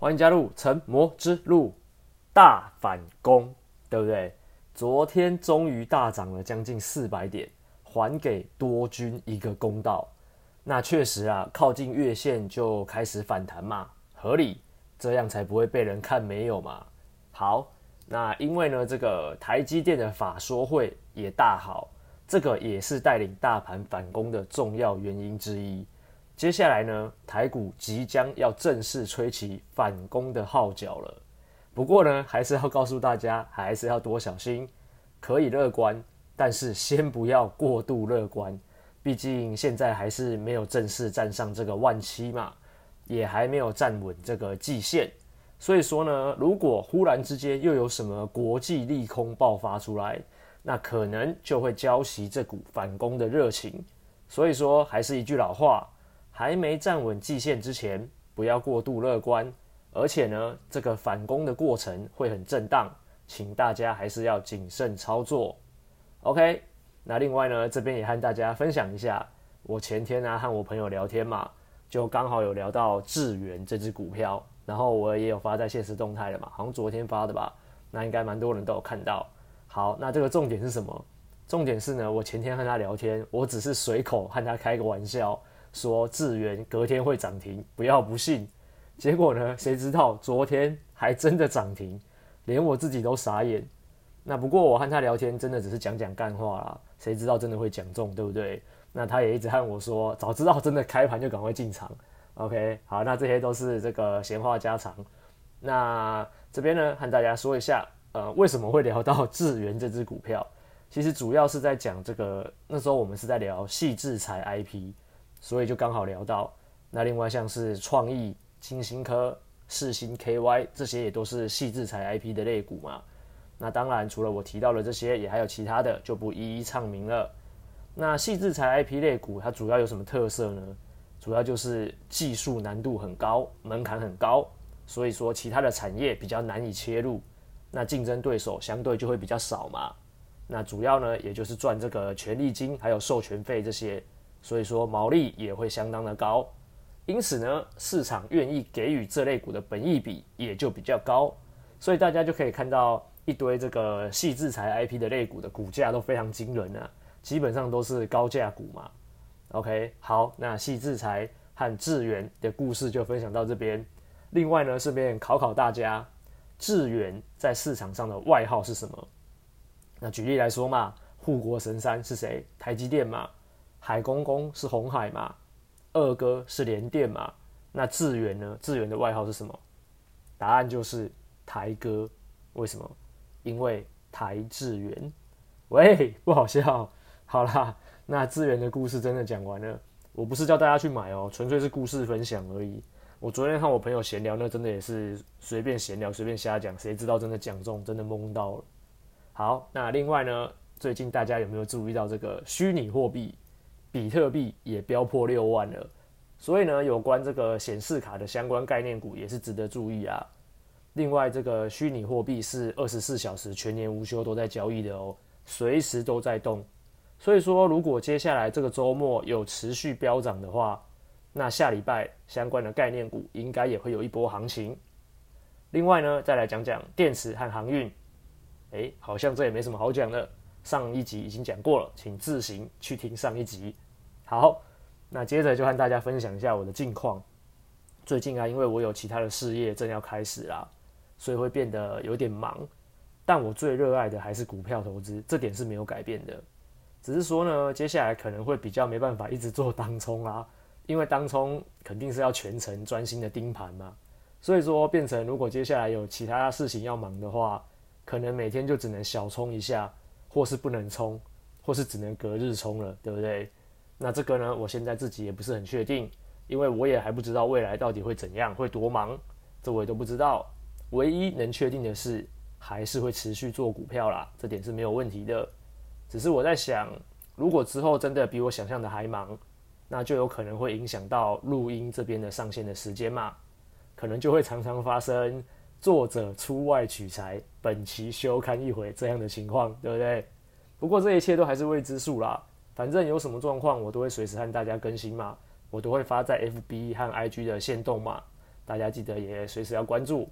歡迎加入成魔之路大反攻，對不對？昨天終於大漲了將近四百點，還給多軍一個公道。那確實啊，靠近月線就開始反彈嘛，合理，這樣才不會被人看沒有嘛。好，那因為呢，這個台積電的法說會也大好，這個也是帶領大盤反攻的重要原因之一。接下來呢，台股即將要正式吹起反攻的號角了。不過呢，還是要告訴大家，還是要多小心。可以樂觀，但是先不要過度樂觀。畢竟現在還是沒有正式站上這個萬七嘛，也還沒有站穩這個季線。所以說呢，如果忽然之間又有什麼國際利空爆發出來，那可能就會澆熄這股反攻的熱情。所以說，還是一句老話。還沒站穩季線之前，不要過度樂觀。而且呢，這個反攻的過程會很震盪，請大家還是要謹慎操作。OK，那另外呢，這邊也和大家分享一下，我前天呢、啊、和我朋友聊天嘛，就剛好有聊到智原這隻股票，然後我也有發在限時動態了嘛，好像昨天發的吧，那應該蠻多人都有看到。好，那這個重點是什麼？重點是呢，我前天和他聊天，我只是隨口和他開個玩笑。說智原隔天會漲停，不要不信。結果呢？誰知道昨天還真的漲停，連我自己都傻眼。那不過我和他聊天，真的只是講講幹話啦。誰知道真的會講中，對不對？那他也一直和我說，早知道真的開盤就趕快進場。OK，好，那這些都是這個閒話家常。那這邊呢，和大家說一下，呃，為什麼會聊到智原這支股票？其實主要是在講這個，那時候我們是在聊矽智財 IP。所以就剛好聊到，那另外像是創意、晶心科、世芯 KY 這些也都是矽智財 IP 的類股嘛。那當然除了我提到的這些，也還有其他的，就不一一唱名了。那矽智財 IP 類股它主要有什麼特色呢？主要就是技術難度很高，門檻很高，所以說其他的產業比較難以切入，那競爭對手相對就會比較少嘛。那主要呢也就是賺這個權利金還有授權費這些。所以說毛利也會相當的高，因此呢，市場願意給予這類股的本益比也就比較高，所以大家就可以看到一堆這個矽智財 IP 的類股的股價都非常驚人呢、啊，基本上都是高價股嘛。OK，好，那矽智財和智原的故事就分享到這邊。另外呢，順便考考大家，智原在市場上的外號是什麼？那舉例來說嘛，護國神山是誰？台積電嘛。海公公是鴻海嘛？二哥是聯電嘛？那智原呢？智原的外號是什麼？答案就是台哥。為什麼？因為台智原。喂，不好笑。好啦，那智原的故事真的講完了。我不是叫大家去買哦、喔，純粹是故事分享而已。我昨天和我朋友閒聊，那真的也是隨便閒聊，隨便瞎講，誰知道真的講中，真的蒙到了。好，那另外呢，最近大家有沒有注意到這個虛擬貨幣？比特幣也飆破六萬了，所以呢，有關這個顯示卡的相關概念股也是值得注意啊。另外，這個虛擬貨幣是二十四小時全年無休都在交易的哦，隨時都在動。所以說，如果接下來這個周末有持續飆漲的話，那下禮拜相關的概念股應該也會有一波行情。另外呢，再來講講電池和航運，誒，好像這也沒什麼好講的。上一集已經講過了，請自行去聽上一集。好，那接着就和大家分享一下我的近況。最近啊，因為我有其他的事業正要開始啦，所以會變得有點忙。但我最熱愛的還是股票投資，這點是沒有改變的。只是說呢，接下來可能會比較沒辦法一直做當沖啦，啊，因為當沖肯定是要全程專心的盯盤嘛。所以說，變成如果接下來有其他事情要忙的話，可能每天就只能小沖一下。或是不能沖，或是只能隔日沖了，對不對？那這個呢，我現在自己也不是很確定，因為我也還不知道未來到底會怎樣、會多忙，這我也都不知道。唯一能確定的是，還是會持續做股票啦，這點是沒有問題的。只是我在想，如果之後真的比我想象的還忙，那就有可能會影響到錄音這邊的上線的時間嘛，可能就會常常發生。作者出外取材，本期休刊一回，這樣的情況，對不對？不過這一切都還是未知數啦。反正有什麼狀況，我都會隨時和大家更新嘛，我都會發在 FB 和 IG 的限動嘛，大家記得也隨時要關注。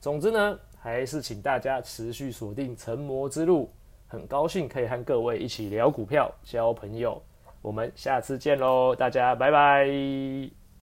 總之呢，還是請大家持續鎖定成魔之路。很高興可以和各位一起聊股票、交朋友，我們下次見嘍，大家拜拜。